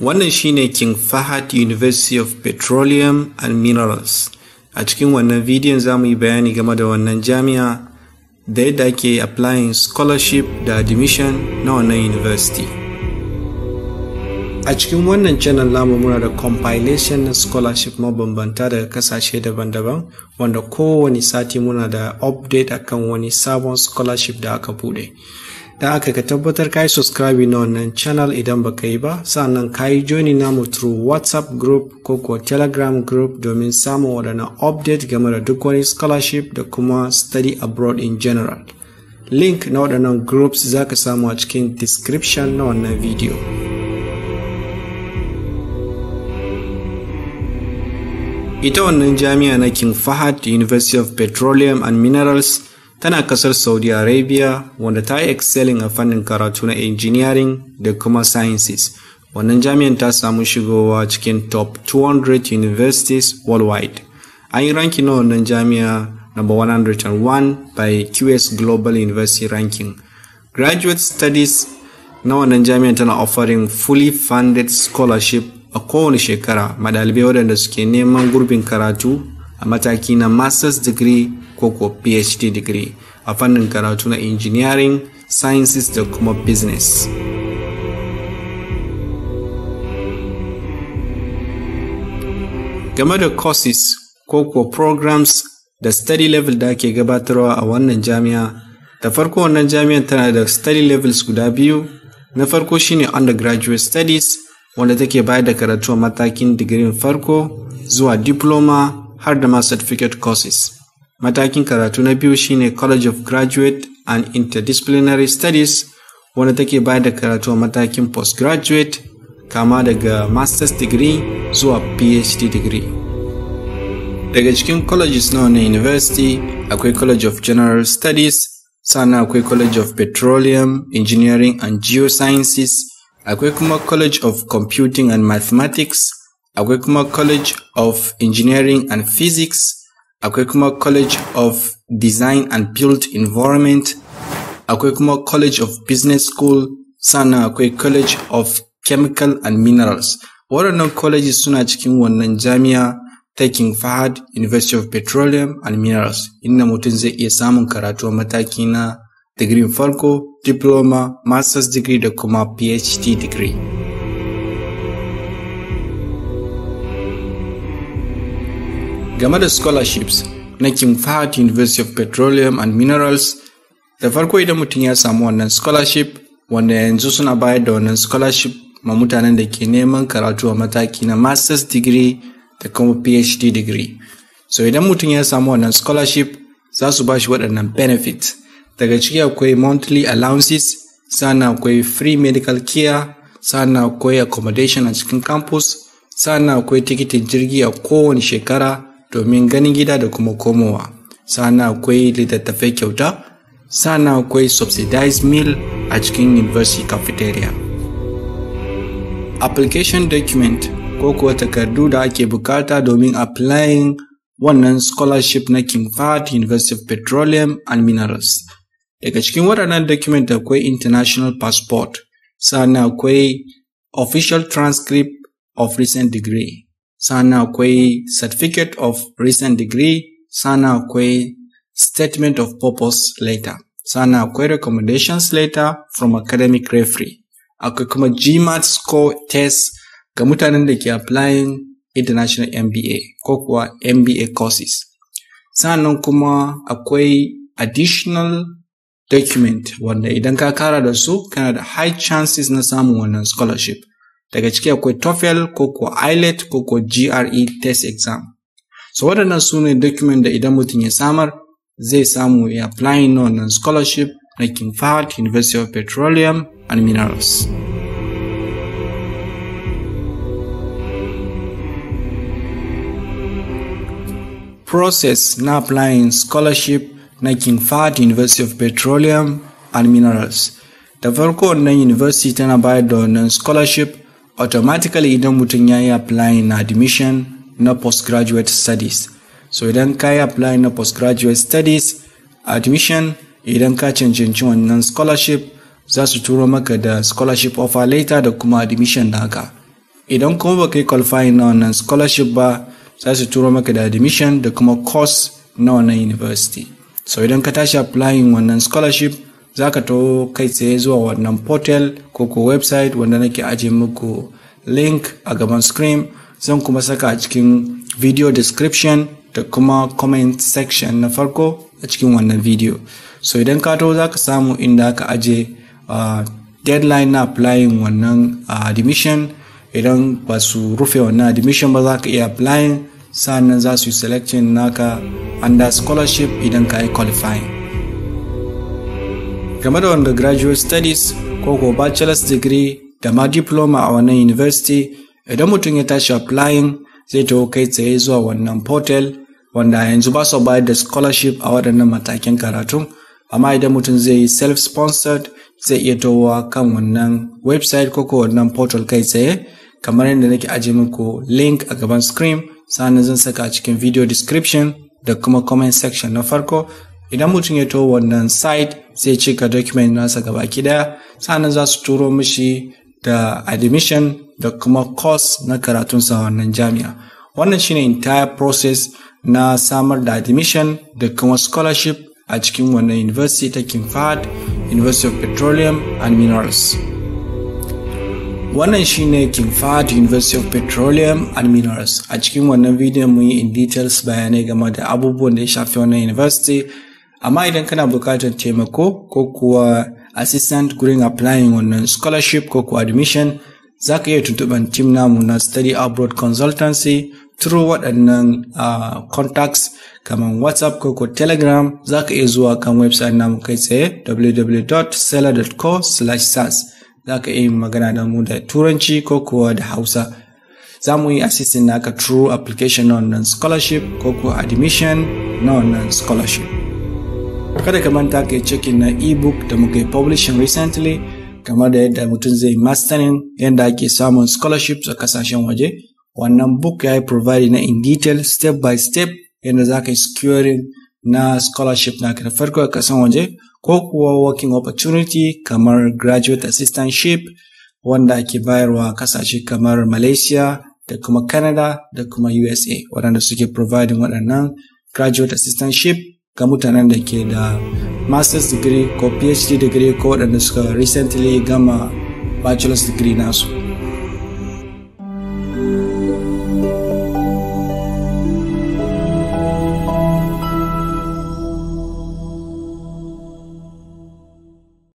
Wannan shine King Fahad University of Petroleum and Minerals. A cikin wannan bidiyon za mu yi bayani game da wannan jami'a da yadda ake applying scholarship da admission na wannan university. A cikin wannan channel namu muna da compilation na scholarship mabambanta daga kasashe daban-daban wanda kowane sati muna da update akan wani sabon scholarship da aka bude. da aka ka tabbatar ka yi subscribe na wannan channel idan ba ka yi ba sannan ka yi joining namu through whatsapp group ko kuwa telegram group domin samun waɗannan update game da duk wani scholarship da kuma study abroad in general link na waɗannan groups za ka samu a cikin description na wannan video. Ita wannan jami'a na King Fahad University of Petroleum and Minerals tana kasar Saudi Arabia wanda ta yi excelling a fannin karatu na engineering da kuma sciences. Wannan jami'an ta samu shigowa cikin top 200 universities worldwide. An yi ranki na wannan jami'a number 101 by QS Global University Ranking. Graduate Studies na wannan jami'an tana offering fully funded scholarship a kowane shekara ma ɗalibai waɗanda suke neman gurbin karatu a mataki na master's degree ko ko phd degree a fannin karatu na engineering sciences da kuma business game da courses ko ko programs da study level da ke gabatarwa a wannan jami'a da farko wannan jami'ar tana da study levels guda biyu na farko shine undergraduate studies wanda take bayar da karatu a matakin digirin farko zuwa diploma har da ma certificate courses Matakin karatu na biyu shine College of Graduate and Interdisciplinary Studies wanda take bayar da karatu a matakin postgraduate kama daga master's degree zuwa PhD degree. Daga cikin colleges na wannan university akwai College of General Studies, sannan akwai College of Petroleum, Engineering and Geosciences, akwai kuma College of Computing and Mathematics, akwai kuma College of Engineering and Physics, akwai kuma college of design and built environment akwai kuma college of business school sannan akwai college of chemical and minerals waɗannan colleges suna cikin wannan jami'a ta king fahad university of petroleum and minerals inda mutum zai iya samun karatu mataki na degree farko diploma master's degree da kuma phd degree game da scholarships na King Fahad University of Petroleum and Minerals da farko idan mutum ya samu wannan scholarship wanda yanzu suna bayar da wannan scholarship ma mutanen da ke neman karatu a mataki na master's degree da kuma phd degree so idan mutum ya samu wannan scholarship za su ba shi waɗannan benefit daga ciki akwai monthly allowances sannan akwai free medical care sannan akwai accommodation a cikin campus sannan akwai tikitin jirgi a kowane shekara domin ganin gida da kuma komowa sana akwai littattafai kyauta sana akwai subsidized meal a cikin university cafeteria application document ko kuwa takardu da ake bukata domin applying wannan scholarship na fahd University of Petroleum and Minerals. Daga cikin waɗannan document akwai international passport, sana akwai official transcript of recent degree, sana akwai certificate of recent degree sana akwai statement of purpose letter sana akwai recommendations letter from academic referee akwai kuma gmat score test ga mutanen da ke applying international mba ko kuwa mba courses sannan kuma akwai additional document wanda idan ka kara da su kana da high chances na samun wannan scholarship daga ciki akwai TOEFL ko e ko IELTS ko ko GRE test exam so waɗannan su ne document da idan mutum ya samar zai samu ya applying na wannan scholarship na King Fahad University of Petroleum and Minerals. process na applying scholarship na King Fahd University of Petroleum and Minerals. Da farko wannan university tana bayar da wannan scholarship automatically idan mutum ya yi applying na admission na postgraduate studies so idan ka yi applying na postgraduate studies admission idan ka cancanci wannan scholarship za su turo maka da scholarship offer later da kuma admission naka idan kuma baka yi qualifying na wannan scholarship ba za su turo maka da admission da kuma course na wannan university so idan ka tashi applying wannan scholarship za ka to kai tsaye zuwa wannan portal ko ko website wanda nake ajiye muku link a gaban screen zan kuma saka a cikin video description da kuma comment section na farko a cikin wannan video so idan ka to za ka samu inda aka aje uh, deadline na applying wannan uh, admission idan ba su rufe wannan admission ba za ka iya applying sannan za su yi selection naka under scholarship idan ka yi qualifying game da graduate studies ko ko bachelor's degree da ma diploma a wannan university idan mutum ya tashi applying zai taho kai tsaye zuwa wannan portal wanda yanzu ba su bayar da scholarship a waɗannan matakin karatu amma idan mutum zai yi self-sponsored zai iya towa kan wannan website ko ko wannan portal kai tsaye kamar yadda nake aje muku link a gaban screen sannan zan saka a cikin video description da kuma comment section na farko idan mutum ya to wannan site sai cika document nasa gaba daya sannan za su turo mishi da admission da kuma course na karatun sa wannan jami'a wannan shine entire process na samar da admission da kuma scholarship a cikin wannan university ta kimfad university of petroleum and minerals wannan shine kimfad university of petroleum and minerals a cikin wannan bidiyon mun yi in details bayanai game da abubuwan da ya shafi wannan university amma idan kana bukatar taimako ko kuwa assistant gurin applying wannan scholarship ko kuwa admission za ka iya tuntuɓar tim namu na study abroad consultancy through waɗannan uh, contacts kamar whatsapp ko ko telegram za ka iya zuwa kan website namu kai tsaye www.seller.co sas za ka iya magana da mu da turanci ko kuwa da hausa za mu yi na naka through application na wannan scholarship ko kuwa admission na wannan scholarship kada ka manta ka cikin na ebook da muka yi publishing recently kamar da yadda mutum zai mastanin yadda ake samun scholarships a kasashen waje wannan book ya yi provide na in detail step by step yadda za ka yi securing na scholarship na da farko a kasan waje ko kuwa working opportunity kamar graduate assistantship wanda ake bayarwa kasashe kamar malaysia da kuma canada da kuma usa waɗanda suke providing waɗannan graduate assistantship ga mutanen da ke da master's degree ko phd degree ko waɗanda suka recently gama bachelor's degree nasu.